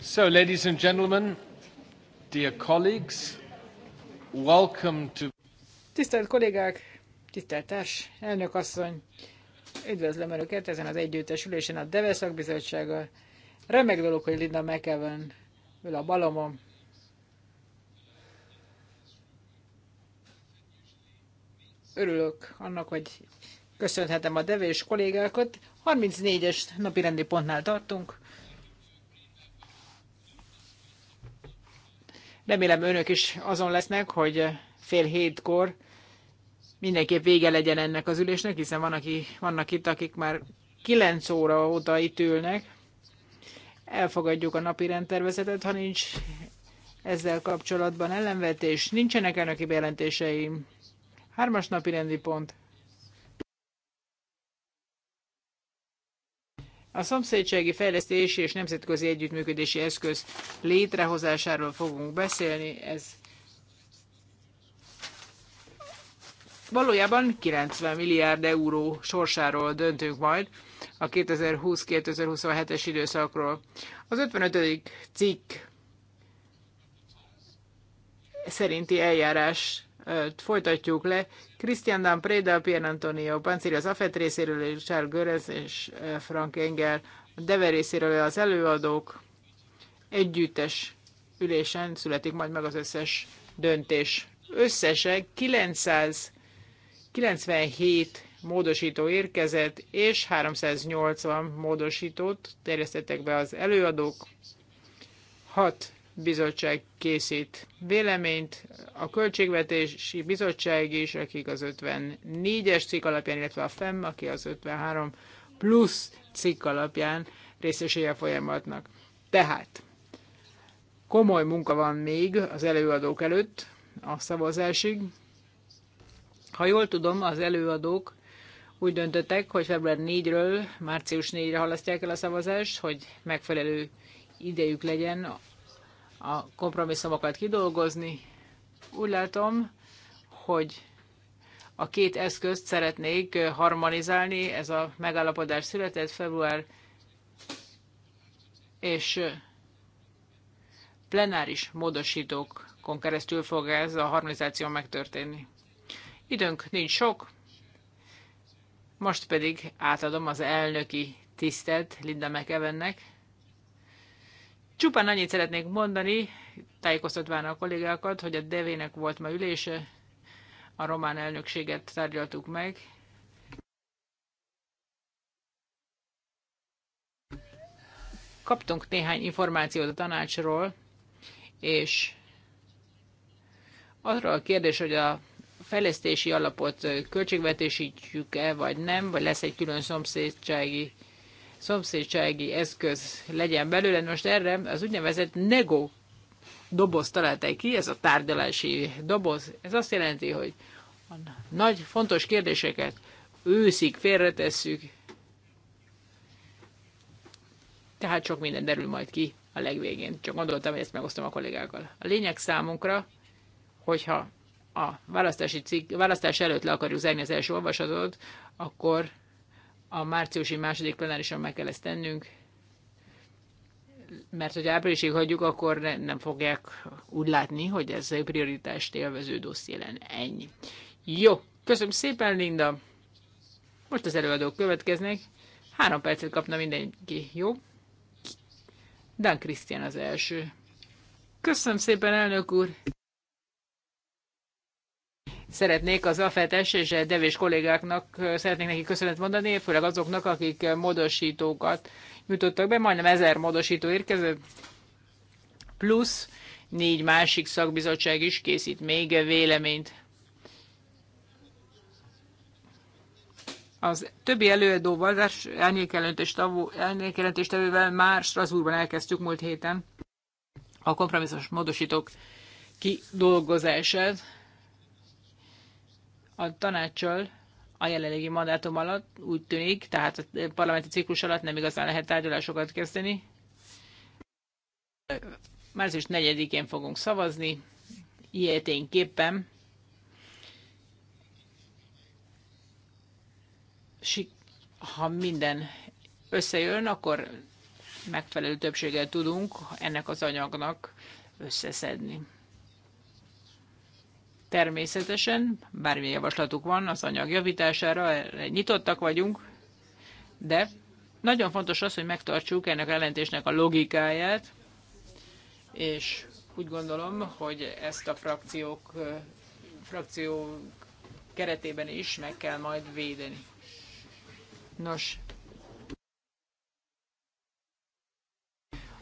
So, ladies and gentlemen, dear colleagues, welcome to... Tisztelt kollégák, tisztelt társ, elnök asszony, üdvözlöm Önöket ezen az együttes ülésen a Deve szakbizottsággal. Remek dolog, hogy Linda McEwen ül a balomon, Örülök annak, hogy köszönhetem a devés kollégákat. 34-es napi rendi pontnál tartunk. Remélem önök is azon lesznek, hogy fél hétkor mindenképp vége legyen ennek az ülésnek, hiszen van, aki, vannak itt, akik már 9 óra óta itt ülnek. Elfogadjuk a napi rendtervezetet, ha nincs ezzel kapcsolatban ellenvetés. Nincsenek elnöki bejelentéseim. Hármas napi rendi pont. A szomszédsági fejlesztési és nemzetközi együttműködési eszköz létrehozásáról fogunk beszélni. Ez valójában 90 milliárd euró sorsáról döntünk majd a 2020-2027-es időszakról. Az 55. cikk szerinti eljárás folytatjuk le. Christian Dan Preda, Pierre Antonio Pancir az AFET részéről, és Charles Görez és Frank Engel a Deve részéről az előadók együttes ülésen születik majd meg az összes döntés. Összesen 997 módosító érkezett, és 380 módosítót terjesztettek be az előadók. 6 bizottság készít véleményt, a Költségvetési Bizottság is, akik az 54-es cikk alapján, illetve a FEM, aki az 53 plusz cikk alapján részesülje a folyamatnak. Tehát komoly munka van még az előadók előtt a szavazásig. Ha jól tudom, az előadók úgy döntöttek, hogy február 4-ről március 4-re halasztják el a szavazást, hogy megfelelő idejük legyen a kompromisszumokat kidolgozni. Úgy látom, hogy a két eszközt szeretnék harmonizálni. Ez a megállapodás született február és plenáris módosítókon keresztül fog ez a harmonizáció megtörténni. Időnk nincs sok, most pedig átadom az elnöki tisztet Linda McEvennek. Csupán annyit szeretnék mondani, tájékoztatván a kollégákat, hogy a devének volt ma ülése, a román elnökséget tárgyaltuk meg. Kaptunk néhány információt a tanácsról, és arra a kérdés, hogy a fejlesztési alapot költségvetésítjük-e, vagy nem, vagy lesz egy külön szomszédsági szomszédsági eszköz legyen belőle. Most erre az úgynevezett nego doboz találták ki, ez a tárgyalási doboz. Ez azt jelenti, hogy a nagy, fontos kérdéseket őszig félretesszük, tehát sok minden derül majd ki a legvégén. Csak gondoltam, hogy ezt megosztom a kollégákkal. A lényeg számunkra, hogyha a választási cikk, választás előtt le akarjuk zárni az első olvasatot, akkor a márciusi második plenárison meg kell ezt tennünk, mert hogy áprilisig hagyjuk, akkor ne, nem fogják úgy látni, hogy ez egy prioritást élvező dosszié Ennyi. Jó, köszönöm szépen, Linda. Most az előadók következnek. Három percet kapna mindenki, jó? Dan Krisztián az első. Köszönöm szépen, elnök úr! szeretnék az AFETES és a devés kollégáknak szeretnék neki köszönet mondani, főleg azoknak, akik módosítókat jutottak be, majdnem ezer módosító érkezett, plusz négy másik szakbizottság is készít még véleményt. Az többi előadóval, elnékjelentéstevővel már Strasbourgban elkezdtük múlt héten a kompromisszos módosítók kidolgozását a tanácssal a jelenlegi mandátum alatt úgy tűnik, tehát a parlamenti ciklus alatt nem igazán lehet tárgyalásokat kezdeni. Március 4-én fogunk szavazni, ilyeténképpen. Ha minden összejön, akkor megfelelő többséggel tudunk ennek az anyagnak összeszedni. Természetesen bármilyen javaslatuk van az anyag javítására, nyitottak vagyunk, de nagyon fontos az, hogy megtartsuk ennek a jelentésnek a logikáját, és úgy gondolom, hogy ezt a frakciók, frakció keretében is meg kell majd védeni. Nos,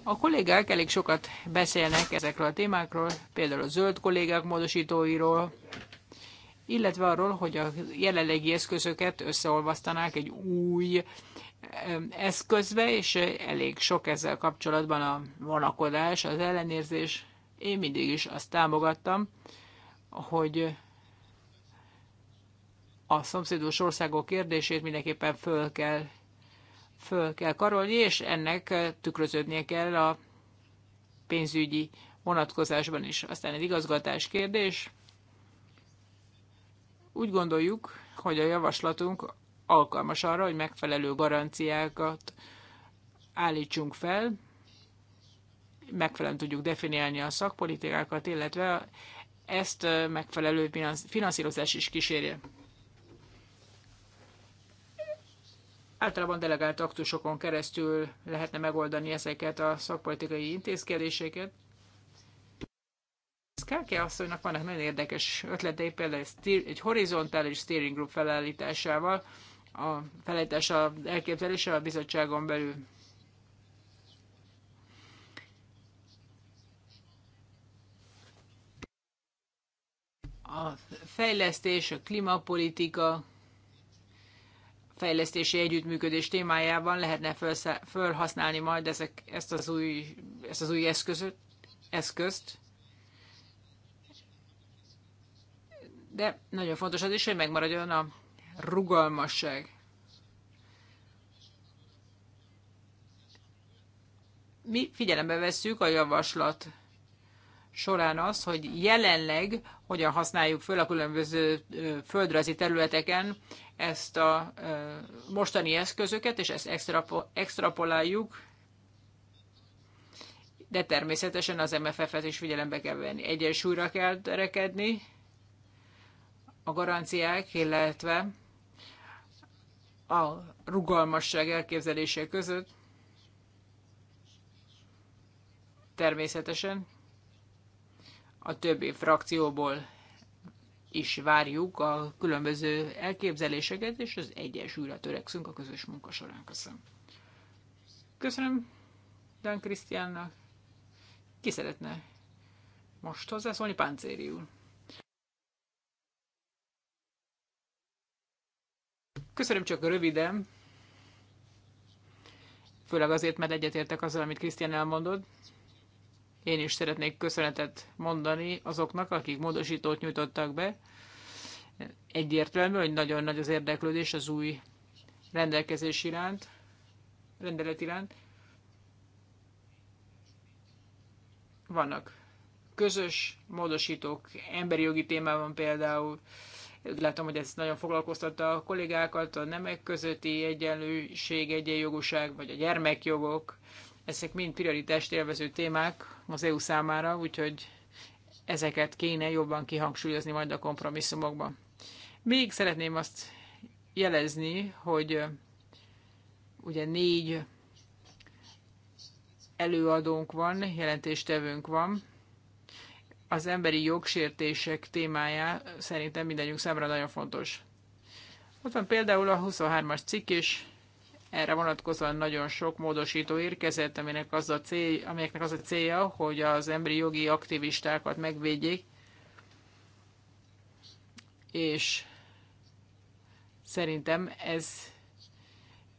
A kollégák elég sokat beszélnek ezekről a témákról, például a zöld kollégák módosítóiról, illetve arról, hogy a jelenlegi eszközöket összeolvasztanák egy új eszközbe, és elég sok ezzel kapcsolatban a vonakodás, az ellenérzés. Én mindig is azt támogattam, hogy a szomszédos országok kérdését mindenképpen föl kell föl kell karolni, és ennek eh, tükröződnie kell a pénzügyi vonatkozásban is. Aztán egy igazgatás kérdés. Úgy gondoljuk, hogy a javaslatunk alkalmas arra, hogy megfelelő garanciákat állítsunk fel, megfelelően tudjuk definiálni a szakpolitikákat, illetve ezt eh, megfelelő finanszírozás is kísérje. Általában delegált aktusokon keresztül lehetne megoldani ezeket a szakpolitikai intézkedéseket. Skáke asszonynak vannak nagyon érdekes ötletei, például egy horizontális steering group felállításával, a felállítás a elképzelése a bizottságon belül. A fejlesztés, a klimapolitika, fejlesztési együttműködés témájában lehetne felhasználni majd ezek, ezt, az új, ezt az új eszközöt, eszközt. De nagyon fontos az is, hogy megmaradjon a rugalmasság. Mi figyelembe vesszük a javaslat során az, hogy jelenleg hogyan használjuk föl a különböző földrajzi területeken ezt a mostani eszközöket, és ezt extrapoláljuk, de természetesen az MFF-et is figyelembe kell venni. Egyensúlyra kell rekedni, a garanciák, illetve a rugalmasság elképzelése között. Természetesen a többi frakcióból is várjuk a különböző elképzeléseket, és az egyensúlyra törekszünk a közös munka során. Köszönöm. Köszönöm Dan Krisztiánnak. Ki szeretne most hozzászólni? Páncéri úr. Köszönöm csak röviden, főleg azért, mert egyetértek azzal, amit Krisztián elmondott. Én is szeretnék köszönetet mondani azoknak, akik módosítót nyújtottak be. Egyértelmű, hogy nagyon nagy az érdeklődés az új rendelkezés iránt, rendelet iránt. Vannak közös módosítók, emberi jogi témában például, látom, hogy ez nagyon foglalkoztatta a kollégákat, a nemek közötti egyenlőség, egyenjogúság, vagy a gyermekjogok, ezek mind prioritást élvező témák az EU számára, úgyhogy ezeket kéne jobban kihangsúlyozni majd a kompromisszumokban. Még szeretném azt jelezni, hogy ugye négy előadónk van, jelentéstevőnk van. Az emberi jogsértések témája szerintem mindannyiunk számára nagyon fontos. Ott van például a 23-as cikk is, erre vonatkozóan nagyon sok módosító érkezett, aminek az a cél, amelyeknek az a célja, hogy az emberi jogi aktivistákat megvédjék, és szerintem ez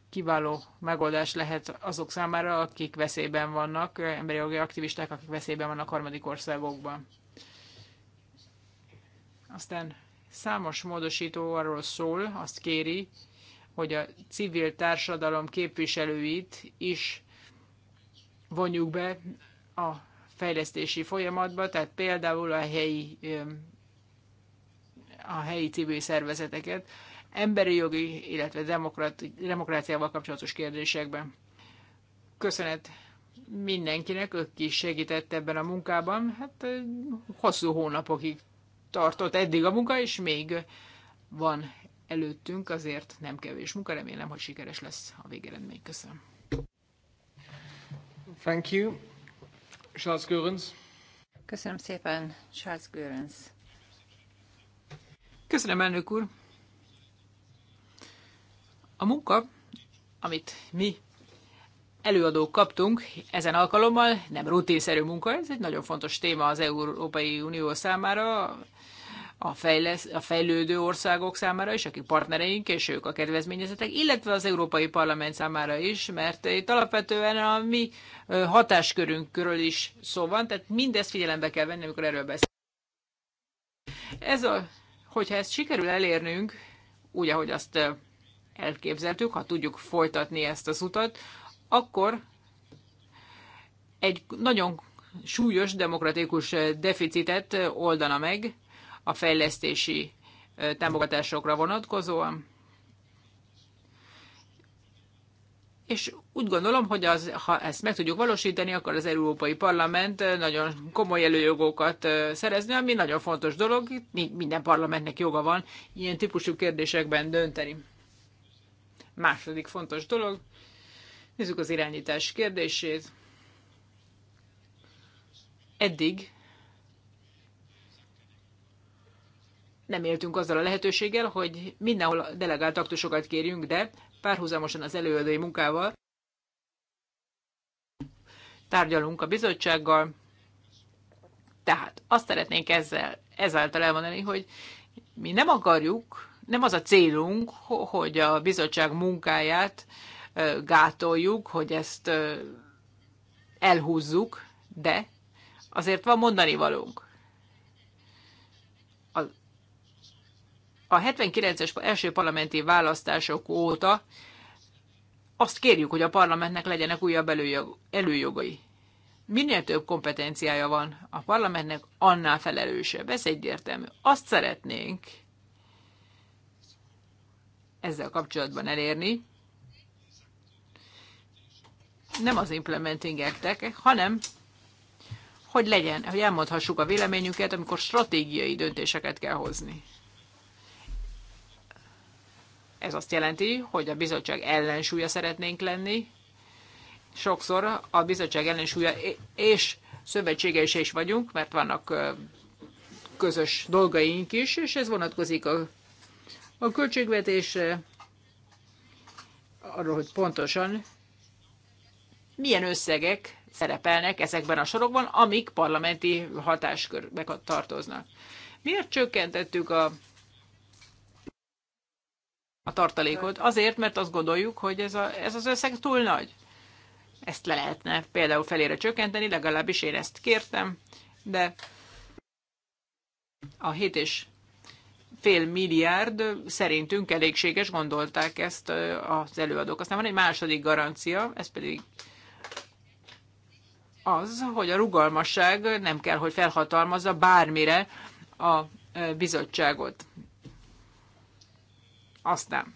kiváló megoldás lehet azok számára, akik veszélyben vannak, emberi jogi aktivisták, akik veszélyben vannak harmadik országokban. Aztán számos módosító arról szól, azt kéri, hogy a civil társadalom képviselőit is vonjuk be a fejlesztési folyamatba, tehát például a helyi, a helyi civil szervezeteket, emberi jogi, illetve demokráciával kapcsolatos kérdésekben. Köszönet mindenkinek, ők is segített ebben a munkában. Hát hosszú hónapokig tartott eddig a munka, és még van előttünk, azért nem kevés munka, remélem, hogy sikeres lesz a végeredmény. Köszönöm. Thank you. Charles Görens. Köszönöm szépen, Charles Görens. Köszönöm, elnök úr. A munka, amit mi előadók kaptunk ezen alkalommal, nem rutinszerű munka, ez egy nagyon fontos téma az Európai Unió számára a, fejlesz, a fejlődő országok számára is, akik partnereink, és ők a kedvezményezetek, illetve az Európai Parlament számára is, mert itt alapvetően a mi hatáskörünkről is szó van, tehát mindezt figyelembe kell venni, amikor erről beszélünk. Ez a, hogyha ezt sikerül elérnünk, úgy, ahogy azt elképzeltük, ha tudjuk folytatni ezt az utat, akkor egy nagyon súlyos demokratikus deficitet oldana meg, a fejlesztési támogatásokra vonatkozóan. És úgy gondolom, hogy az, ha ezt meg tudjuk valósítani, akkor az Európai Parlament nagyon komoly előjogokat szerezni, ami nagyon fontos dolog. Minden parlamentnek joga van ilyen típusú kérdésekben dönteni. Második fontos dolog, nézzük az irányítás kérdését. Eddig nem éltünk azzal a lehetőséggel, hogy mindenhol delegált aktusokat kérjünk, de párhuzamosan az előadói munkával tárgyalunk a bizottsággal. Tehát azt szeretnénk ezzel, ezáltal elmondani, hogy mi nem akarjuk, nem az a célunk, hogy a bizottság munkáját gátoljuk, hogy ezt elhúzzuk, de azért van mondani valunk. a 79-es első parlamenti választások óta azt kérjük, hogy a parlamentnek legyenek újabb előjogai. Minél több kompetenciája van a parlamentnek, annál felelősebb. Ez egyértelmű. Azt szeretnénk ezzel kapcsolatban elérni, nem az implementing actek, hanem hogy legyen, hogy elmondhassuk a véleményünket, amikor stratégiai döntéseket kell hozni. Ez azt jelenti, hogy a bizottság ellensúlya szeretnénk lenni. Sokszor a bizottság ellensúlya és szövetsége is, is vagyunk, mert vannak közös dolgaink is, és ez vonatkozik a, a költségvetésre, arról, hogy pontosan milyen összegek szerepelnek ezekben a sorokban, amik parlamenti hatáskörbe tartoznak. Miért csökkentettük a a tartalékot. Azért, mert azt gondoljuk, hogy ez, a, ez az összeg túl nagy. Ezt le lehetne például felére csökkenteni, legalábbis én ezt kértem, de a 7 és fél milliárd szerintünk elégséges, gondolták ezt az előadók. Aztán van egy második garancia, ez pedig az, hogy a rugalmasság nem kell, hogy felhatalmazza bármire a bizottságot. Aztán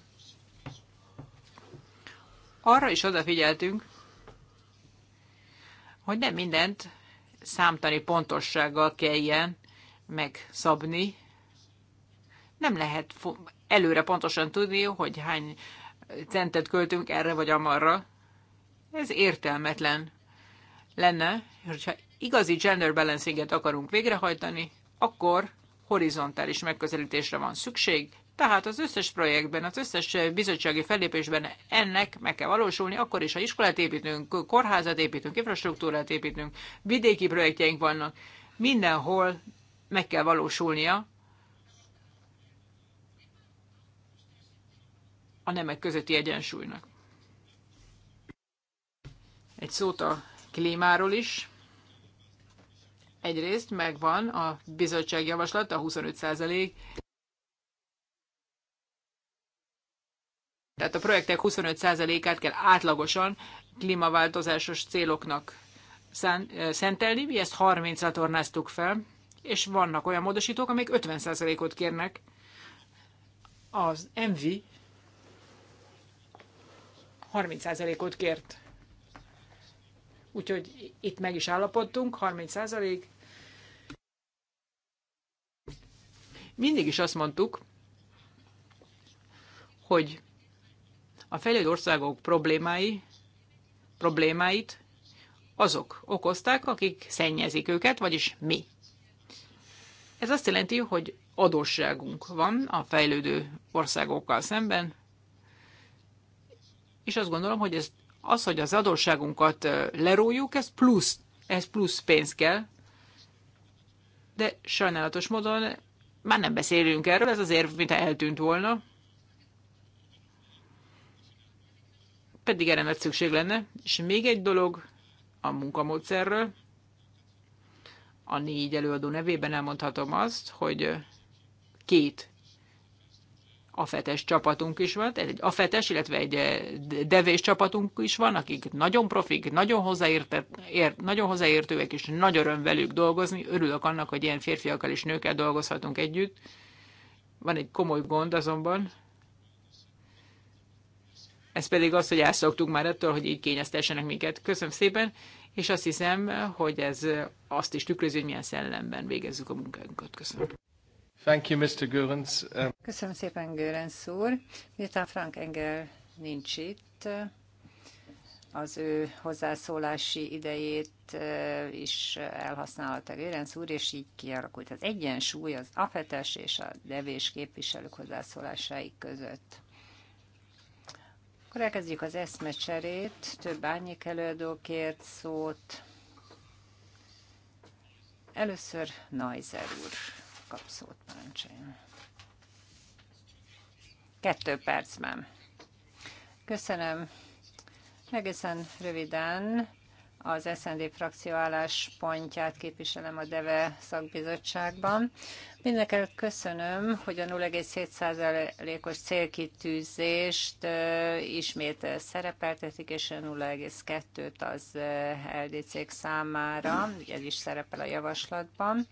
arra is odafigyeltünk, hogy nem mindent számtani pontossággal kelljen megszabni. Nem lehet előre pontosan tudni, hogy hány centet költünk erre vagy amarra. Ez értelmetlen lenne, hogyha igazi gender balancinget akarunk végrehajtani, akkor horizontális megközelítésre van szükség, tehát az összes projektben, az összes bizottsági fellépésben ennek meg kell valósulni, akkor is, ha iskolát építünk, kórházat építünk, infrastruktúrát építünk, vidéki projektjeink vannak, mindenhol meg kell valósulnia a nemek közötti egyensúlynak. Egy szót a klímáról is. Egyrészt megvan a bizottság javaslata, a 25 százalék Tehát a projektek 25%-át kell átlagosan klímaváltozásos céloknak szentelni, mi ezt 30-ra tornáztuk fel, és vannak olyan módosítók, amik 50%-ot kérnek. Az MV 30%-ot kért. Úgyhogy itt meg is állapodtunk, 30%. Mindig is azt mondtuk, hogy a fejlődő országok problémái, problémáit azok okozták, akik szennyezik őket, vagyis mi. Ez azt jelenti, hogy adósságunk van a fejlődő országokkal szemben, és azt gondolom, hogy ez, az, hogy az adósságunkat lerójuk, ez plusz, ez plusz pénz kell, de sajnálatos módon már nem beszélünk erről, ez azért, mintha eltűnt volna. pedig erre nagy szükség lenne. És még egy dolog a munkamódszerről. A négy előadó nevében elmondhatom azt, hogy két afetes csapatunk is van, egy afetes, illetve egy eh, devés csapatunk is van, akik nagyon profik, nagyon, hozzáérte, ér, nagyon hozzáértőek, és nagy öröm velük dolgozni. Örülök annak, hogy ilyen férfiakkal és nőkkel dolgozhatunk együtt. Van egy komoly gond azonban, ez pedig az, hogy elszoktuk már ettől, hogy így kényeztessenek minket. Köszönöm szépen, és azt hiszem, hogy ez azt is tükrözi, hogy milyen szellemben végezzük a munkánkat. Köszönöm. Thank you, Mr. Görens. Um, Köszönöm szépen, Görens úr. Miután Frank Engel nincs itt, az ő hozzászólási idejét is elhasználta Görenc úr, és így kialakult az egyensúly az afetes és a devés képviselők hozzászólásai között. Akkor elkezdjük az eszmecserét. Több árnyék előadókért szót. Először Najzer úr kap szót, parancsoljon. Kettő percben. Köszönöm. Egészen röviden az SND frakció álláspontját képviselem a DEVE szakbizottságban. Mindenkel köszönöm, hogy a 0,7%-os célkitűzést ismét szerepeltetik, és a 0,2-t az LDC-k számára, ugye ez is szerepel a javaslatban.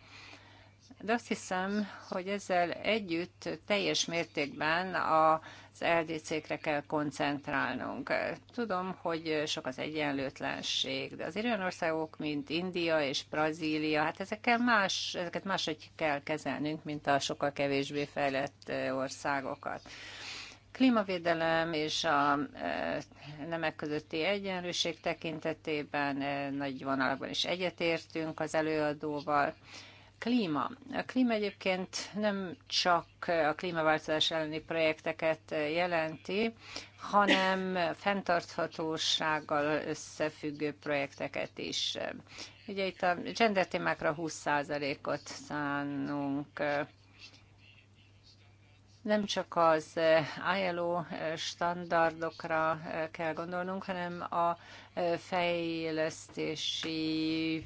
De azt hiszem, hogy ezzel együtt teljes mértékben az LDC-kre kell koncentrálnunk. Tudom, hogy sok az egyenlőtlenség, de az olyan országok, mint India és Brazília, hát ezekkel más, ezeket máshogy kell kezelnünk, mint a sokkal kevésbé fejlett országokat klímavédelem és a nemek közötti egyenlőség tekintetében nagy vonalakban is egyetértünk az előadóval klíma. A klíma egyébként nem csak a klímaváltozás elleni projekteket jelenti, hanem fenntarthatósággal összefüggő projekteket is. Ugye itt a gender témákra 20%-ot szánunk nem csak az ILO standardokra kell gondolnunk, hanem a fejlesztési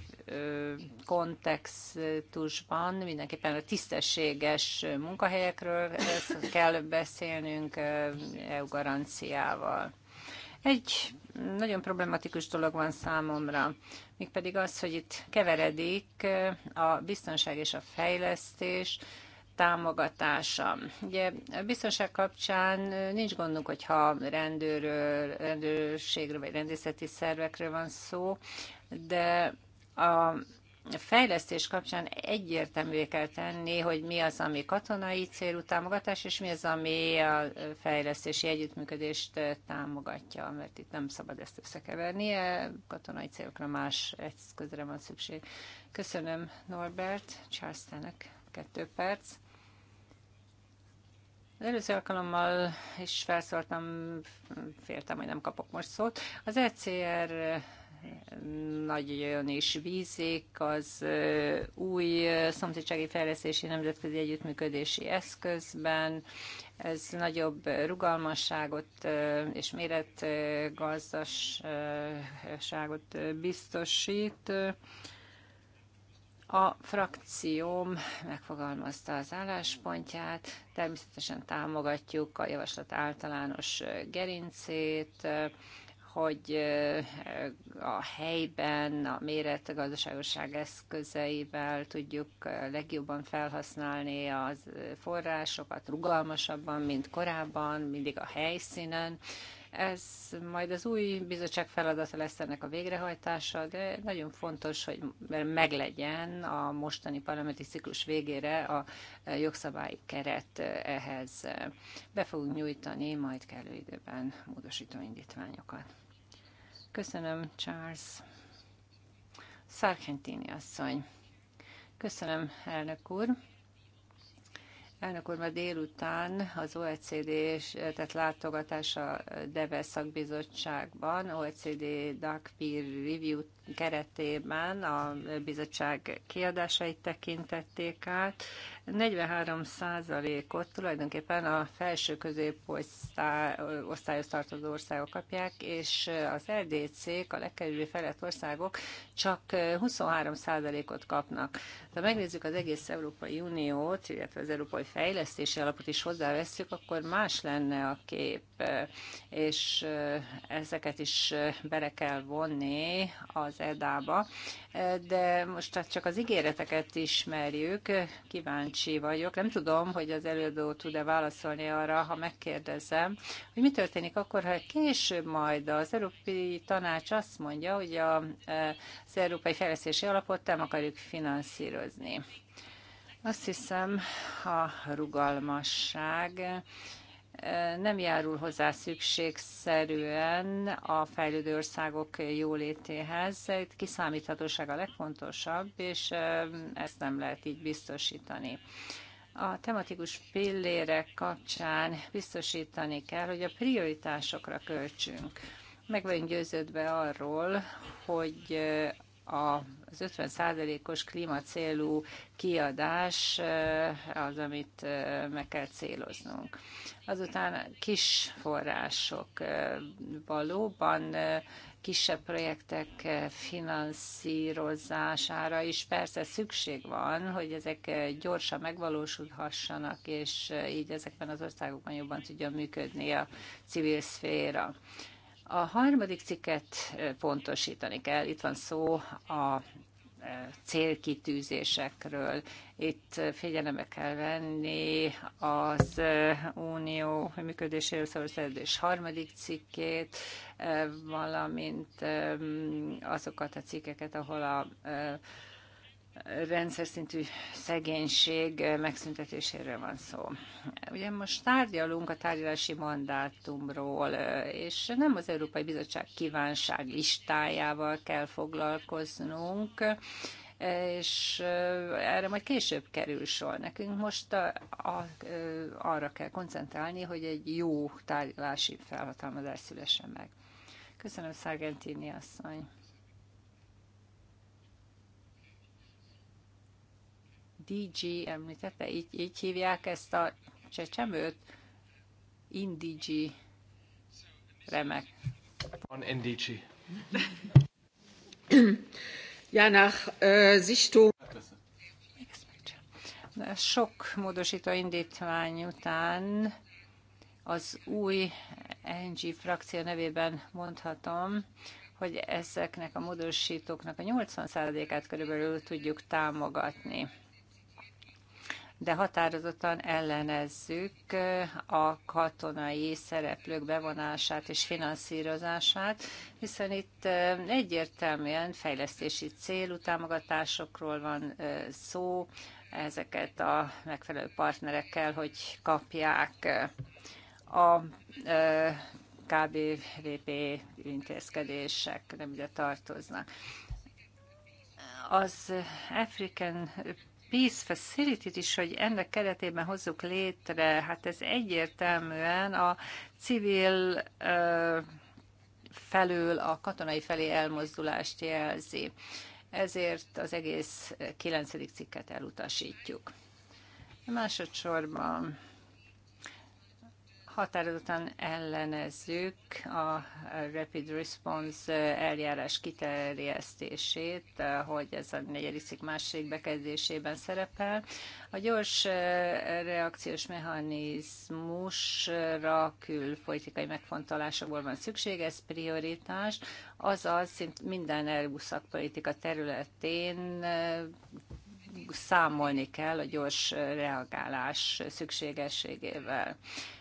kontextusban mindenképpen a tisztességes munkahelyekről kell beszélnünk EU garanciával. Egy nagyon problematikus dolog van számomra, mégpedig az, hogy itt keveredik a biztonság és a fejlesztés, támogatása. Ugye a biztonság kapcsán nincs gondunk, hogyha rendőről, rendőrségről vagy rendészeti szervekről van szó, de a fejlesztés kapcsán egyértelművé kell tenni, hogy mi az, ami katonai célú támogatás, és mi az, ami a fejlesztési együttműködést támogatja, mert itt nem szabad ezt összekeverni, e katonai célokra más eszközre van szükség. Köszönöm Norbert, Charles Tenek, kettő perc. Az előző alkalommal is felszóltam, féltem, hogy nem kapok most szót. Az ECR nagyon is vízik az új szomszédsági fejlesztési nemzetközi együttműködési eszközben. Ez nagyobb rugalmasságot és méretgazdaságot biztosít. A frakcióm megfogalmazta az álláspontját, természetesen támogatjuk a javaslat általános gerincét, hogy a helyben a méret a gazdaságosság eszközeivel tudjuk legjobban felhasználni az forrásokat rugalmasabban, mint korábban, mindig a helyszínen. Ez majd az új bizottság feladata lesz ennek a végrehajtása, de nagyon fontos, hogy meglegyen a mostani parlamenti ciklus végére a jogszabályi keret ehhez. Be fogunk nyújtani majd kellő időben módosító indítványokat. Köszönöm, Charles. Sargentini asszony. Köszönöm, elnök úr. Elnök úr, ma délután az OECD és tett látogatása DEVE szakbizottságban, OECD DAC Peer Review keretében a bizottság kiadásait tekintették át. 43 százalékot tulajdonképpen a felső középosztályhoz tartozó országok kapják, és az LDC-k, e a legkerülő felett országok csak 23 százalékot kapnak. Ha megnézzük az egész Európai Uniót, illetve az Európai fejlesztési alapot is hozzáveszünk, akkor más lenne a kép, és eh, ezeket is eh, bele kell vonni az EDA-ba. Eh, de most hát csak az ígéreteket ismerjük, kíváncsi vagyok. Nem tudom, hogy az előadó tud-e válaszolni arra, ha megkérdezem, hogy mi történik akkor, ha később majd az Európai Tanács azt mondja, hogy a, az Európai Fejlesztési Alapot nem akarjuk finanszírozni. Azt hiszem, a rugalmasság eh, nem járul hozzá szükségszerűen a fejlődő országok jólétéhez. Itt kiszámíthatóság a legfontosabb, és eh, ezt nem lehet így biztosítani. A tematikus pillérek kapcsán biztosítani kell, hogy a prioritásokra költsünk. Meg vagyunk győződve arról, hogy eh, az 50%-os klímacélú kiadás eh, az, amit eh, meg kell céloznunk. Azután kis források eh, valóban kisebb projektek finanszírozására is persze szükség van, hogy ezek gyorsan megvalósulhassanak, és így ezekben az országokban jobban tudjon működni a civil szféra. A harmadik cikket pontosítani kell. Itt van szó a célkitűzésekről. Itt figyelembe kell venni az unió működéséről szóló szerződés harmadik cikkét, valamint azokat a cikkeket, ahol a rendszer szintű szegénység megszüntetéséről van szó. Ugye most tárgyalunk a tárgyalási mandátumról, és nem az Európai Bizottság kívánság listájával kell foglalkoznunk, és erre majd később kerül sor. Nekünk most a, a, arra kell koncentrálni, hogy egy jó tárgyalási felhatalmazás szülesse meg. Köszönöm, Szargentini asszony! DG említette, így, így hívják ezt a csecsemőt? Indigi. Remek. Van Indigi. ja, nach äh, Sichtung. Sok módosító indítvány után az új NG frakció nevében mondhatom, hogy ezeknek a módosítóknak a 80%-át körülbelül tudjuk támogatni de határozottan ellenezzük eh, a katonai szereplők bevonását és finanszírozását, hiszen itt eh, egyértelműen fejlesztési célú támogatásokról van eh, szó, ezeket a megfelelő partnerekkel, hogy kapják a KBVP intézkedések nem ide tartoznak. Az African Peace facility is, hogy ennek keretében hozzuk létre, hát ez egyértelműen a civil felől a katonai felé elmozdulást jelzi. Ezért az egész 9. cikket elutasítjuk. Másodszorban határozottan ellenezzük a Rapid Response eljárás kiterjesztését, hogy ez a negyedik másik bekezdésében szerepel. A gyors eh, reakciós mechanizmusra külpolitikai megfontolásokból van szükség, ez prioritás, azaz szint minden EU területén eh, számolni kell a gyors reagálás szükségességével.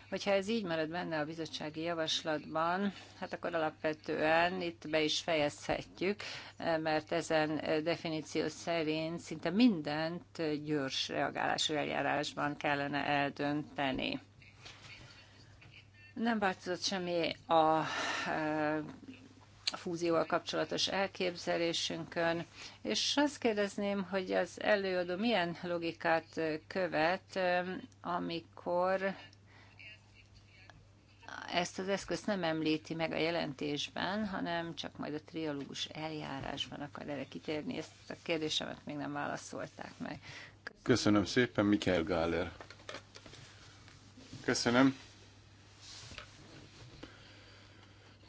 Hogyha ez így marad benne a bizottsági javaslatban, hát akkor alapvetően itt be is fejezhetjük, mert ezen definíció szerint szinte mindent gyors reagálású eljárásban kellene eldönteni. Nem változott semmi a a fúzióval kapcsolatos elképzelésünkön, és azt kérdezném, hogy az előadó milyen logikát követ, amikor ezt az eszközt nem említi meg a jelentésben, hanem csak majd a trialógus eljárásban akar erre kitérni. Ezt a kérdésemet még nem válaszolták meg. Köszönöm szépen, Mikkel Gáler. Köszönöm.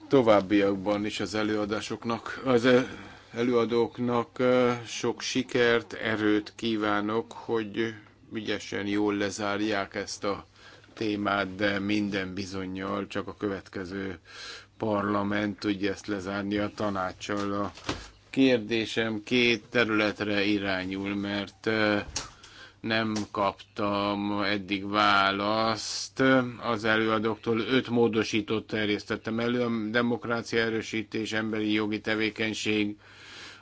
továbbiakban is az előadásoknak, az e- előadóknak e, sok sikert, erőt kívánok, hogy ügyesen jól lezárják ezt a témát, de minden bizonyal csak a következő parlament tudja ezt lezárni a tanácssal. A kérdésem két területre irányul, mert e, nem kaptam eddig választ az előadóktól. Öt módosított terjesztettem elő, a demokrácia erősítés, emberi jogi tevékenység,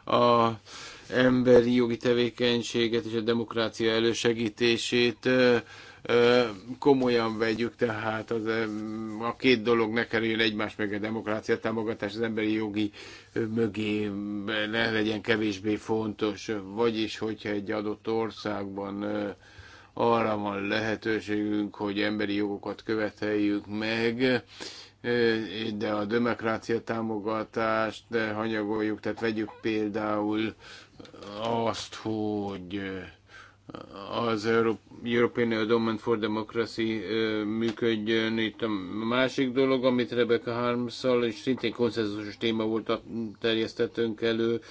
a emberi jogi tevékenységet és a demokrácia elősegítését komolyan vegyük, tehát az, a két dolog ne kerüljön egymás meg a demokrácia támogatás, az emberi jogi mögé ne legyen kevésbé fontos, vagyis hogyha egy adott országban arra van lehetőségünk, hogy emberi jogokat követeljük meg, de a demokrácia támogatást hanyagoljuk, tehát vegyük például azt, hogy az European Endowment for Democracy működjön. Itt a másik dolog, amit Rebecca harms és szintén konszenzusos téma volt, a terjesztettünk elő,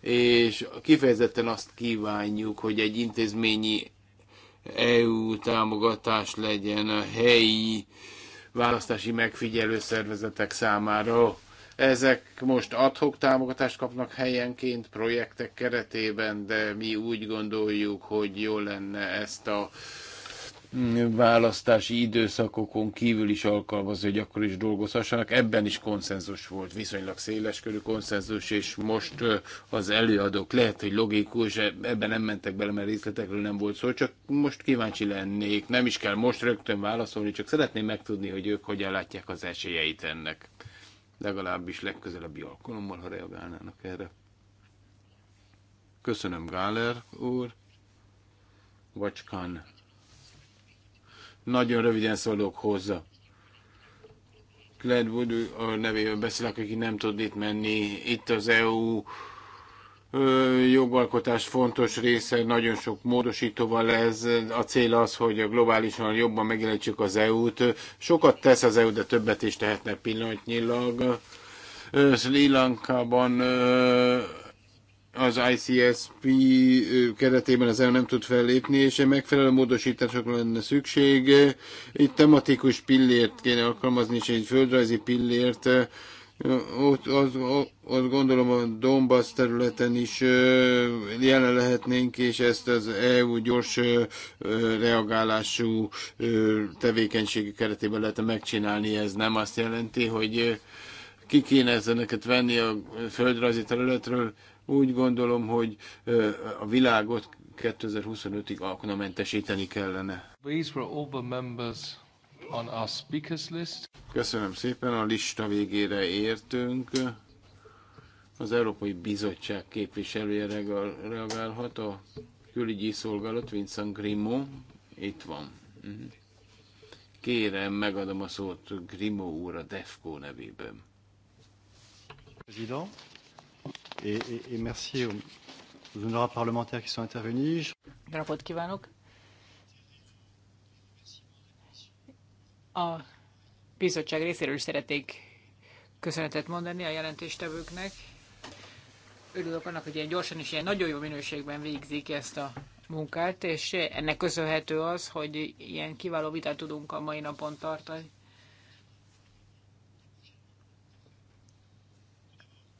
és kifejezetten azt kívánjuk, hogy egy intézményi EU támogatás legyen a helyi választási megfigyelő szervezetek számára ezek most adhok támogatást kapnak helyenként projektek keretében, de mi úgy gondoljuk, hogy jó lenne ezt a mm, választási időszakokon kívül is alkalmazni, hogy akkor is dolgozhassanak. Ebben is konszenzus volt, viszonylag széleskörű konszenzus, és most az előadók lehet, hogy logikus, e, ebben nem mentek bele, mert részletekről nem volt szó, csak most kíváncsi lennék, nem is kell most rögtön válaszolni, csak szeretném megtudni, hogy ők hogyan látják az esélyeit ennek legalábbis legközelebbi alkalommal, ha reagálnának erre. Köszönöm, Gáler úr. Vacskán. Nagyon röviden szólok hozzá. Glenn a nevében beszélek, aki nem tud itt menni. Itt az EU jogalkotás fontos része, nagyon sok módosítóval ez. A cél az, hogy globálisan jobban megjelentsük az EU-t. Sokat tesz az EU, de többet is tehetne pillanatnyilag. Sri Lankában az ICSP keretében az EU nem tud fellépni, és megfelelő módosításokra lenne szükség. Itt tematikus pillért kéne alkalmazni, és egy földrajzi pillért ott, az, ott gondolom a Donbass területen is jelen lehetnénk, és ezt az EU gyors reagálású tevékenységi keretében lehet megcsinálni. Ez nem azt jelenti, hogy ki kéne ezeneket venni a földrajzi területről. Úgy gondolom, hogy a világot 2025-ig alkonamentesíteni kellene. These were all the members on our speakers list. Köszönöm szépen, a lista végére értünk. Az Európai Bizottság képviselője reagálhat, a külügyi szolgálat Vincent Grimo itt van. Mhm. Kérem, megadom a szót Grimo úr a DEFCO nevében. Président, et, et, et merci aux honorables parlementaires qui sont intervenus. Napot kívánok! A bizottság részéről is szeretnék köszönetet mondani a jelentéstevőknek. Örülök annak, hogy ilyen gyorsan és ilyen nagyon jó minőségben végzik ezt a munkát, és ennek köszönhető az, hogy ilyen kiváló vitát tudunk a mai napon tartani.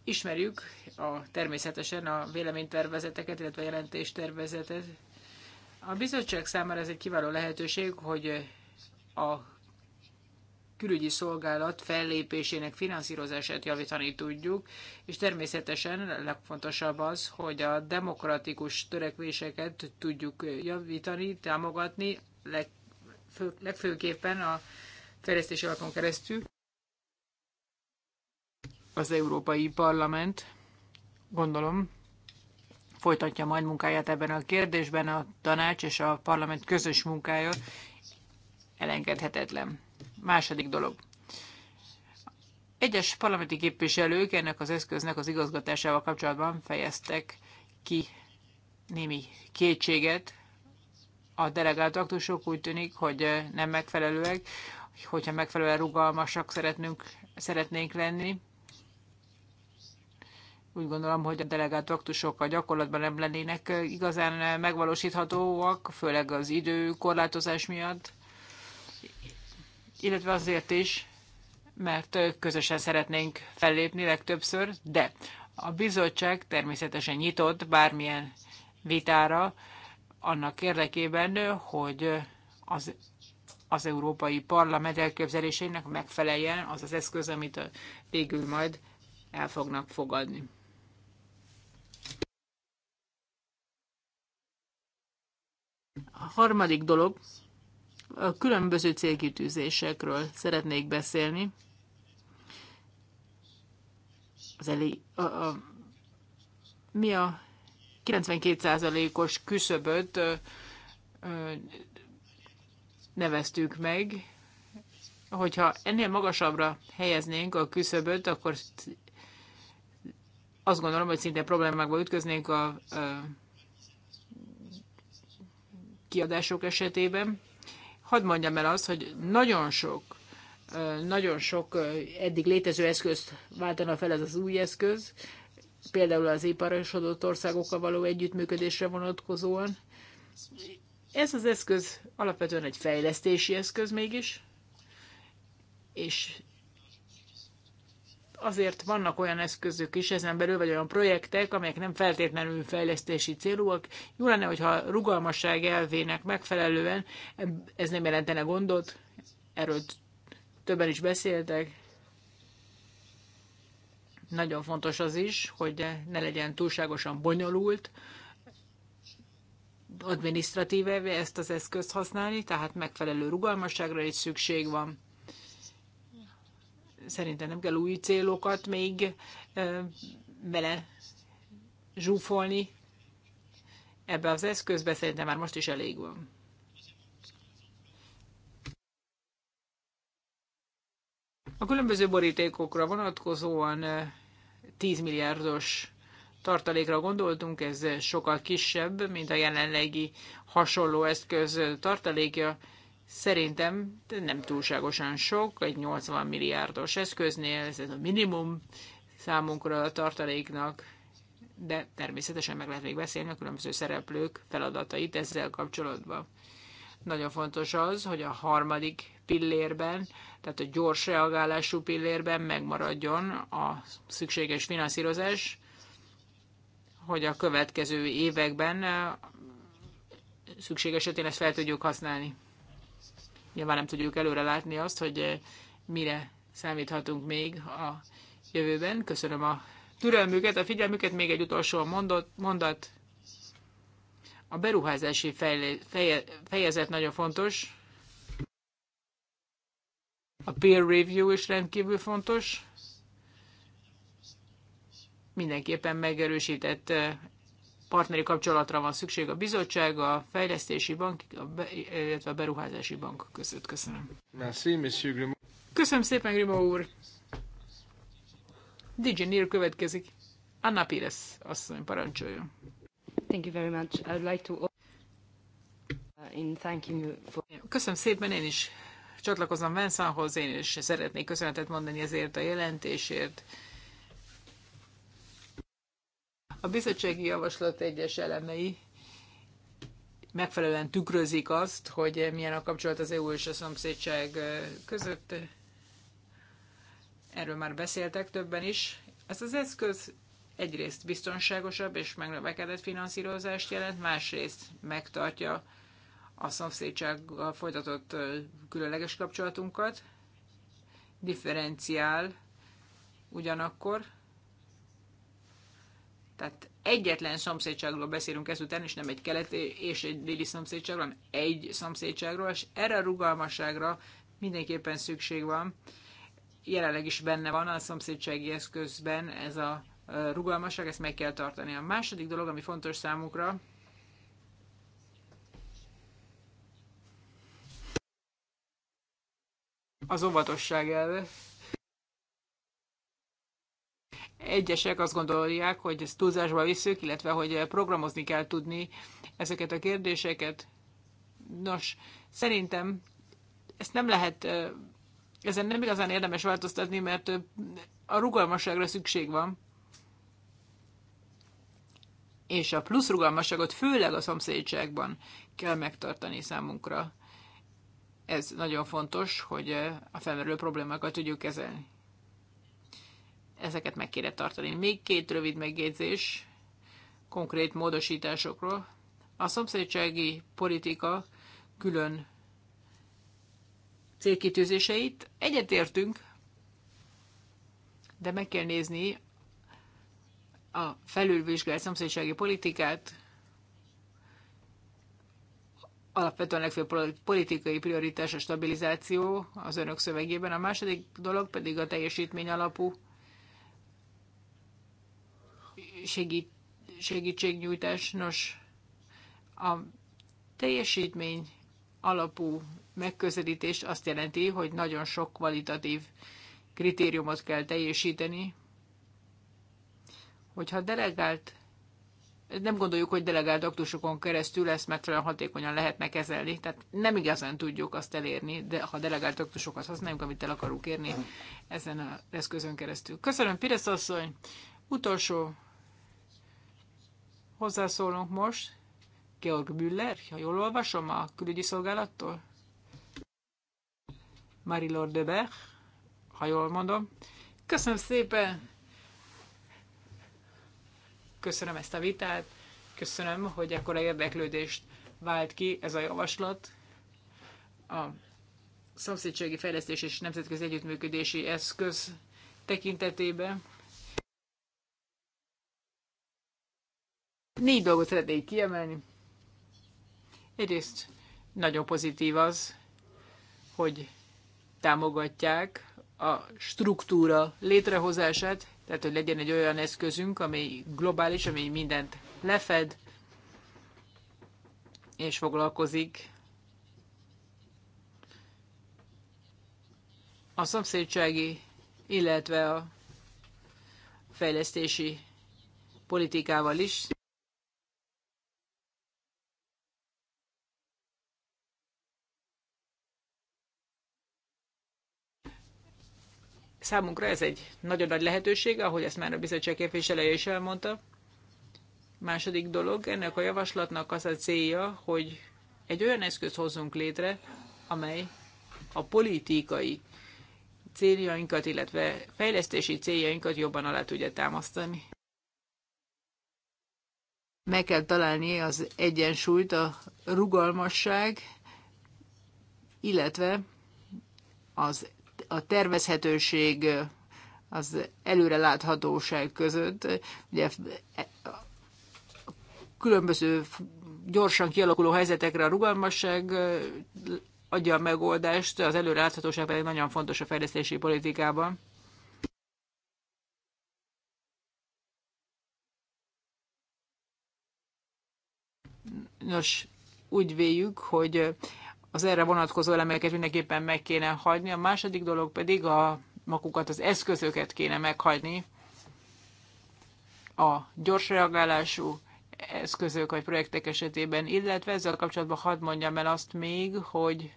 Ismerjük a, természetesen a véleménytervezeteket, illetve a jelentéstervezetet. A bizottság számára ez egy kiváló lehetőség, hogy a külügyi szolgálat fellépésének finanszírozását javítani tudjuk, és természetesen legfontosabb az, hogy a demokratikus törekvéseket tudjuk javítani, támogatni, legfő, legfőképpen a fejlesztési alapon keresztül. Az Európai Parlament, gondolom, folytatja majd munkáját ebben a kérdésben, a tanács és a parlament közös munkája elengedhetetlen. Második dolog. Egyes parlamenti képviselők ennek az eszköznek az igazgatásával kapcsolatban fejeztek ki némi kétséget. A delegált aktusok úgy tűnik, hogy nem megfelelőek, hogyha megfelelően rugalmasak szeretnünk, szeretnénk lenni. Úgy gondolom, hogy a delegált aktusok a gyakorlatban nem lennének igazán megvalósíthatóak, főleg az idő korlátozás miatt illetve azért is, mert közösen szeretnénk fellépni legtöbbször, de a bizottság természetesen nyitott bármilyen vitára annak érdekében, hogy az, az Európai Parlament elképzelésének megfeleljen az az eszköz, amit végül majd el fognak fogadni. A harmadik dolog, a különböző célkitűzésekről szeretnék beszélni. Az elég, a, a, mi a 92%-os küszöböt ö, ö, neveztük meg. Hogyha ennél magasabbra helyeznénk a küszöböt, akkor azt gondolom, hogy szinte problémákba ütköznénk a, a kiadások esetében hadd mondjam el azt, hogy nagyon sok, nagyon sok eddig létező eszközt váltana fel ez az új eszköz, például az iparosodott országokkal való együttműködésre vonatkozóan. Ez az eszköz alapvetően egy fejlesztési eszköz mégis, és azért vannak olyan eszközök is ezen belül, vagy olyan projektek, amelyek nem feltétlenül fejlesztési célúak. Jó lenne, hogyha rugalmasság elvének megfelelően ez nem jelentene gondot, erről többen is beszéltek. Nagyon fontos az is, hogy ne legyen túlságosan bonyolult adminisztratíve ezt az eszközt használni, tehát megfelelő rugalmasságra is szükség van szerintem nem kell új célokat még bele zsúfolni ebbe az eszközbe, szerintem már most is elég van. A különböző borítékokra vonatkozóan 10 milliárdos tartalékra gondoltunk, ez sokkal kisebb, mint a jelenlegi hasonló eszköz tartalékja. Szerintem nem túlságosan sok, egy 80 milliárdos eszköznél, ez a minimum számunkra a tartaléknak, de természetesen meg lehet még beszélni a különböző szereplők feladatait ezzel kapcsolatban. Nagyon fontos az, hogy a harmadik pillérben, tehát a gyors reagálású pillérben megmaradjon a szükséges finanszírozás, hogy a következő években eh, szükség esetén ezt fel tudjuk használni. Nyilván nem tudjuk előre látni azt, hogy eh, mire számíthatunk még a jövőben. Köszönöm a türelmüket, a figyelmüket. Még egy utolsó mondat. mondat. A beruházási fejle, feje, fejezet nagyon fontos. A peer review is rendkívül fontos. Mindenképpen megerősített eh, partneri kapcsolatra van szükség a bizottság, a fejlesztési bank, a be, illetve a beruházási bank között. Köszönöm. Merci, Köszönöm szépen, Grimo úr. DJ Neil következik. Anna Pires asszony parancsoljon. Thank you very much. I would like to uh, in thanking you for... Köszönöm szépen, én is csatlakozom Vincenthoz, én is szeretnék köszönetet mondani ezért a jelentésért a bizottsági javaslat egyes elemei megfelelően tükrözik azt, hogy milyen a kapcsolat az EU és a szomszédság között. Erről már beszéltek többen is. Ez az eszköz egyrészt biztonságosabb és megnövekedett finanszírozást jelent, másrészt megtartja a szomszédsággal folytatott különleges kapcsolatunkat, differenciál ugyanakkor tehát egyetlen szomszédságról beszélünk ezután, és nem egy keleti és egy déli szomszédságról, hanem egy szomszédságról, és erre a rugalmasságra mindenképpen szükség van. Jelenleg is benne van a szomszédsági eszközben ez a rugalmasság, ezt meg kell tartani. A második dolog, ami fontos számukra, az óvatosság elve egyesek azt gondolják, hogy ezt túlzásba visszük, illetve hogy programozni kell tudni ezeket a kérdéseket. Nos, szerintem ezt nem lehet, ezen nem igazán érdemes változtatni, mert a rugalmasságra szükség van. És a plusz rugalmasságot főleg a szomszédságban kell megtartani számunkra. Ez nagyon fontos, hogy a felmerülő problémákat tudjuk kezelni ezeket meg kéne tartani. Még két rövid megjegyzés konkrét módosításokról. A szomszédsági politika külön célkitűzéseit egyetértünk, de meg kell nézni a felülvizsgált szomszédsági politikát, alapvetően legfőbb politikai prioritás a stabilizáció az önök szövegében, a második dolog pedig a teljesítmény alapú segít, segítségnyújtás. Nos, a teljesítmény alapú megközelítés azt jelenti, hogy nagyon sok kvalitatív kritériumot kell teljesíteni. Hogyha delegált, nem gondoljuk, hogy delegált aktusokon keresztül mert olyan hatékonyan lehetne kezelni, tehát nem igazán tudjuk azt elérni, de ha delegált aktusokat használjuk, amit el akarunk érni ezen az eszközön keresztül. Köszönöm, Pires asszony! Utolsó hozzászólunk most Georg Müller, ha jól olvasom, a külügyi szolgálattól. Marie-Laure Berg, ha jól mondom. Köszönöm szépen! Köszönöm ezt a vitát, köszönöm, hogy ekkora érdeklődést vált ki ez a javaslat. A szomszédségi fejlesztés és nemzetközi együttműködési eszköz tekintetében Négy dolgot szeretnék kiemelni. Egyrészt nagyon pozitív az, hogy támogatják a struktúra létrehozását, tehát hogy legyen egy olyan eszközünk, ami globális, ami mindent lefed, és foglalkozik a szomszédsági, illetve a fejlesztési politikával is. Számunkra ez egy nagyon nagy lehetőség, ahogy ezt már a bizottság képviselője is elmondta. Második dolog, ennek a javaslatnak az a célja, hogy egy olyan eszköz hozzunk létre, amely a politikai céljainkat, illetve fejlesztési céljainkat jobban alá tudja támasztani. Meg kell találni az egyensúlyt, a rugalmasság, illetve az a tervezhetőség az előreláthatóság között. Ugye e, különböző gyorsan kialakuló helyzetekre a rugalmasság adja a megoldást, az előreláthatóság pedig nagyon fontos a fejlesztési politikában. Nos, úgy véljük, hogy az erre vonatkozó elemeket mindenképpen meg kéne hagyni. A második dolog pedig a magukat, az eszközöket kéne meghagyni, a gyors reagálású eszközök vagy projektek esetében, illetve ezzel kapcsolatban hadd mondjam el azt még, hogy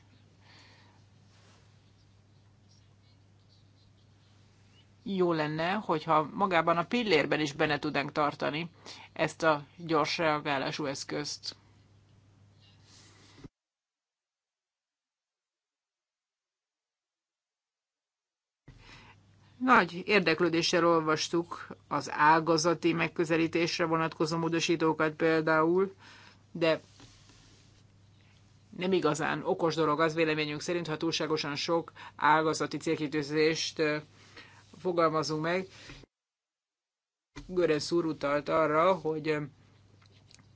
jó lenne, hogyha magában a pillérben is benne tudnánk tartani ezt a gyors reagálású eszközt. Nagy érdeklődéssel olvastuk az ágazati megközelítésre vonatkozó módosítókat például, de nem igazán okos dolog az véleményünk szerint, ha túlságosan sok ágazati célkítőzést fogalmazunk meg. göre úr utalt arra, hogy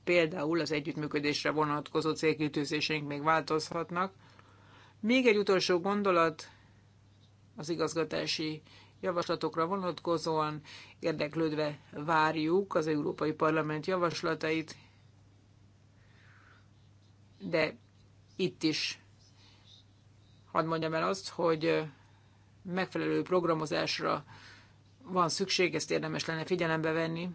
például az együttműködésre vonatkozó célkítőzéseink még változhatnak. Még egy utolsó gondolat az igazgatási javaslatokra vonatkozóan érdeklődve várjuk az Európai Parlament javaslatait, de itt is hadd mondjam el azt, hogy megfelelő programozásra van szükség, ezt érdemes lenne figyelembe venni.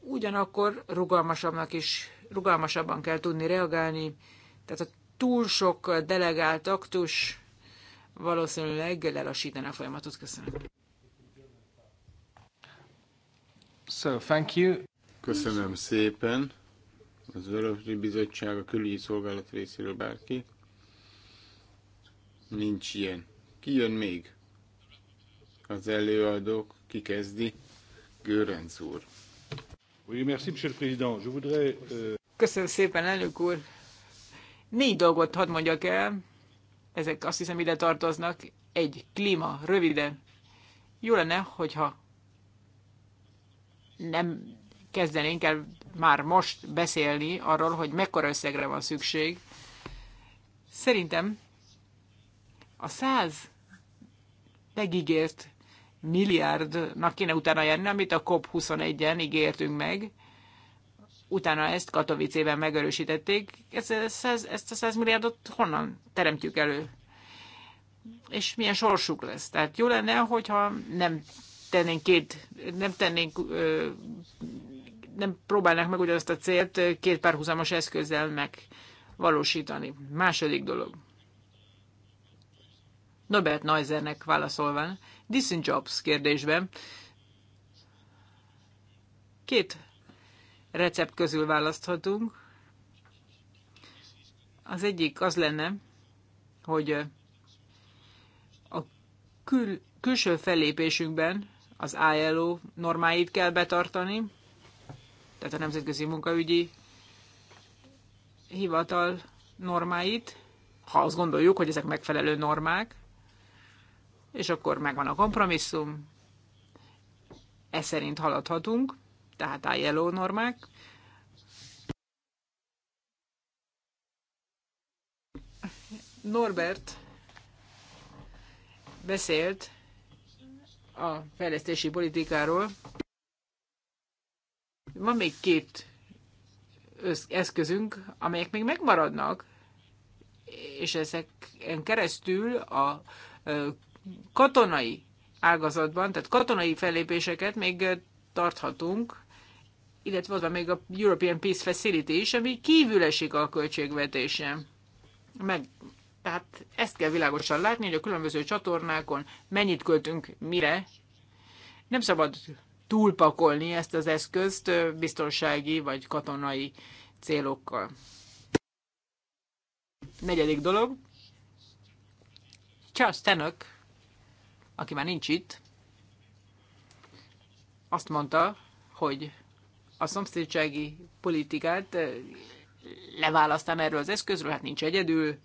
Ugyanakkor rugalmasabbnak is, rugalmasabban kell tudni reagálni, tehát a túl sok delegált aktus valószínűleg lelassítaná a folyamatot. Köszönöm. So, thank you. Köszönöm szépen. Az Európai Bizottság a Külügyi Szolgálat részéről bárki. Nincs ilyen. Ki jön még? Az előadók, ki kezdi? Görenc úr. Euh, Köszönöm szépen, elnök úr. Négy dolgot hadd mondjak el ezek azt hiszem ide tartoznak. Egy, klíma, röviden. Jó lenne, hogyha nem kezdenénk el már most beszélni arról, hogy mekkora összegre van szükség. Szerintem a száz megígért milliárdnak kéne utána jönni, amit a COP21-en ígértünk meg, utána ezt Katowicében megerősítették. Ezt, ezt, ezt a 100 milliárdot honnan teremtjük elő? És milyen sorsuk lesz? Tehát jó lenne, hogyha nem tennénk két, nem tennénk, nem próbálnák meg ugyanazt a célt két párhuzamos eszközzel megvalósítani. Második dolog. Norbert Neuzernek válaszolva, Disney Jobs kérdésben két recept közül választhatunk. Az egyik az lenne, hogy a kül, külső fellépésünkben az ILO normáit kell betartani, tehát a Nemzetközi Munkaügyi Hivatal normáit, ha azt gondoljuk, hogy ezek megfelelő normák, és akkor megvan a kompromisszum, ez szerint haladhatunk tehát ILO normák. Norbert beszélt a fejlesztési politikáról. Van még két eszközünk, amelyek még megmaradnak, és ezeken keresztül a katonai ágazatban, tehát katonai fellépéseket még tarthatunk, illetve ott van még a European Peace Facility is, ami kívül esik a költségvetése. Meg, tehát ezt kell világosan látni, hogy a különböző csatornákon mennyit költünk mire. Nem szabad túlpakolni ezt az eszközt biztonsági vagy katonai célokkal. Negyedik dolog. Charles Tenök, aki már nincs itt, azt mondta, hogy a szomszédsági politikát eh, leválasztam erről az eszközről, hát nincs egyedül.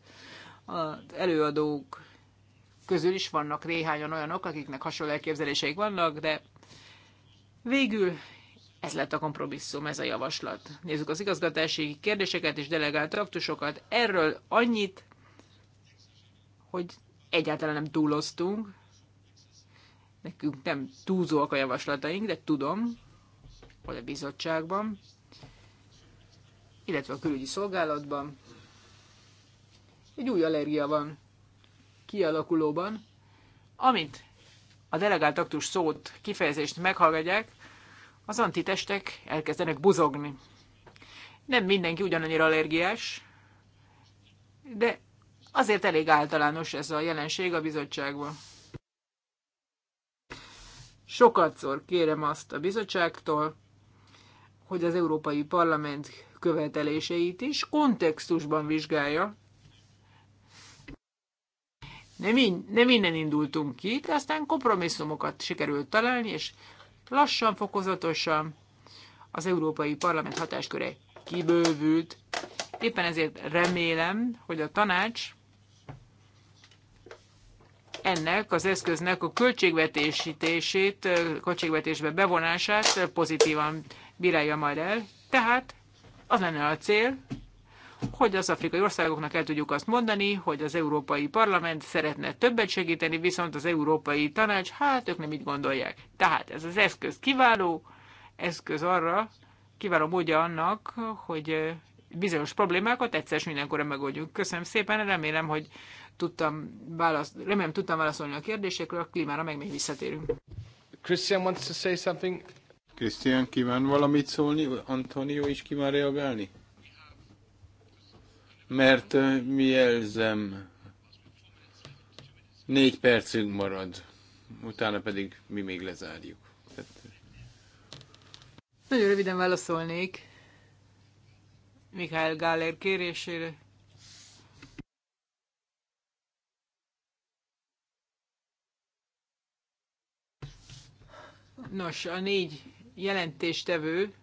Az előadók közül is vannak néhányan olyanok, akiknek hasonló elképzeléseik vannak, de végül ez lett a kompromisszum, ez a javaslat. Nézzük az igazgatási kérdéseket és delegált aktusokat. Erről annyit, hogy egyáltalán nem túloztunk. Nekünk nem túlzóak a javaslataink, de tudom, vagy a bizottságban, illetve a külügyi szolgálatban. Egy új allergia van kialakulóban, amint a delegált aktus szót, kifejezést meghallgatják, az antitestek elkezdenek buzogni. Nem mindenki ugyanannyira allergiás, de azért elég általános ez a jelenség a bizottságban. Sokatszor kérem azt a bizottságtól, hogy az Európai Parlament követeléseit is kontextusban vizsgálja. Nem, in, nem innen indultunk ki, de aztán kompromisszumokat sikerült találni, és lassan, fokozatosan az Európai Parlament hatásköre kibővült. Éppen ezért remélem, hogy a tanács ennek az eszköznek a költségvetésítését, költségvetésbe bevonását pozitívan bírálja majd el. Tehát az lenne a cél, hogy az afrikai országoknak el tudjuk azt mondani, hogy az Európai Parlament szeretne többet segíteni, viszont az Európai Tanács, hát ők nem így gondolják. Tehát ez az eszköz kiváló, eszköz arra, kiváló módja annak, hogy bizonyos problémákat egyszer mindenkorra megoldjuk. Köszönöm szépen, remélem, hogy tudtam, válasz, remélem, tudtam válaszolni a kérdésekről, a klímára meg még visszatérünk. Christian wants to say something. Krisztián kíván valamit szólni? Antonio is kíván reagálni? Mert mi jelzem, négy percünk marad, utána pedig mi még lezárjuk. Tehát... Nagyon röviden válaszolnék Mikhail Gáler kérésére. Nos, a négy jelentéstevő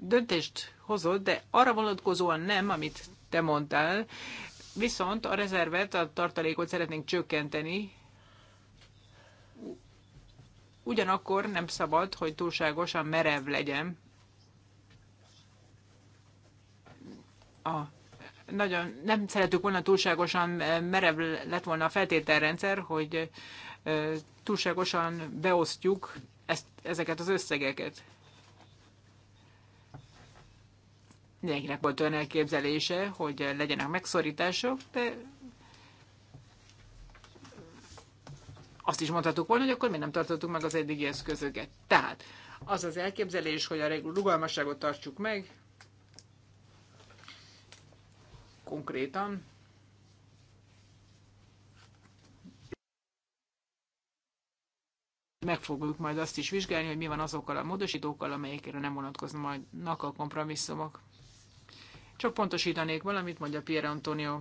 döntést hozott, de arra vonatkozóan nem, amit te mondtál, viszont a rezervet, a tartalékot szeretnénk csökkenteni, ugyanakkor nem szabad, hogy túlságosan merev legyen a nagyon nem szeretük volna túlságosan merev lett volna a feltételrendszer, hogy túlságosan beosztjuk ezt, ezeket az összegeket. Mindenkinek volt olyan elképzelése, hogy legyenek megszorítások, de azt is mondhatjuk volna, hogy akkor mi nem tartottuk meg az eddigi eszközöket. Tehát az az elképzelés, hogy a rugalmasságot tartsuk meg, konkrétan meg fogjuk majd azt is vizsgálni, hogy mi van azokkal a módosítókkal, amelyekre nem vonatkoznak majd a kompromisszumok. Csak pontosítanék valamit, mondja Pier Antonio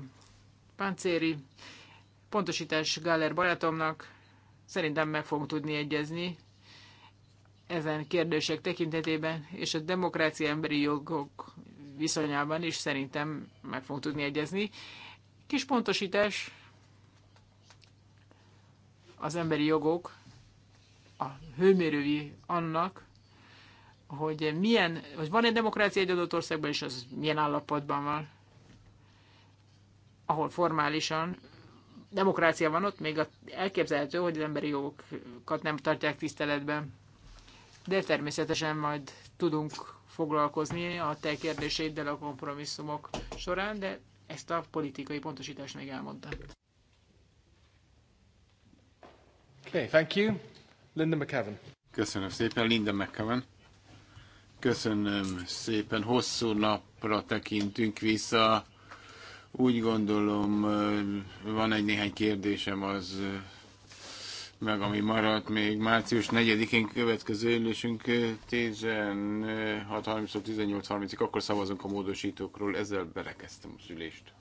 Pancéri. Pontosítás Galler barátomnak. Szerintem meg fogunk tudni egyezni ezen kérdések tekintetében, és a demokrácia emberi jogok viszonyában is szerintem meg fogunk tudni egyezni. Kis pontosítás, az emberi jogok a hőmérői annak, hogy milyen, hogy van egy demokrácia egy adott országban, és az milyen állapotban van, ahol formálisan demokrácia van ott, még elképzelhető, hogy az emberi jogokat nem tartják tiszteletben. De természetesen majd tudunk foglalkozni a te kérdéseiddel a kompromisszumok során, de ezt a politikai pontosítást még elmondtam. Okay, thank you. Linda McKevin. Köszönöm szépen, Linda McKevin. Köszönöm szépen, hosszú napra tekintünk vissza. Úgy gondolom, van egy néhány kérdésem az meg ami maradt még március 4-én következő ülésünk 16.30-18.30-ig, akkor szavazunk a módosítókról, ezzel berekeztem az ülést.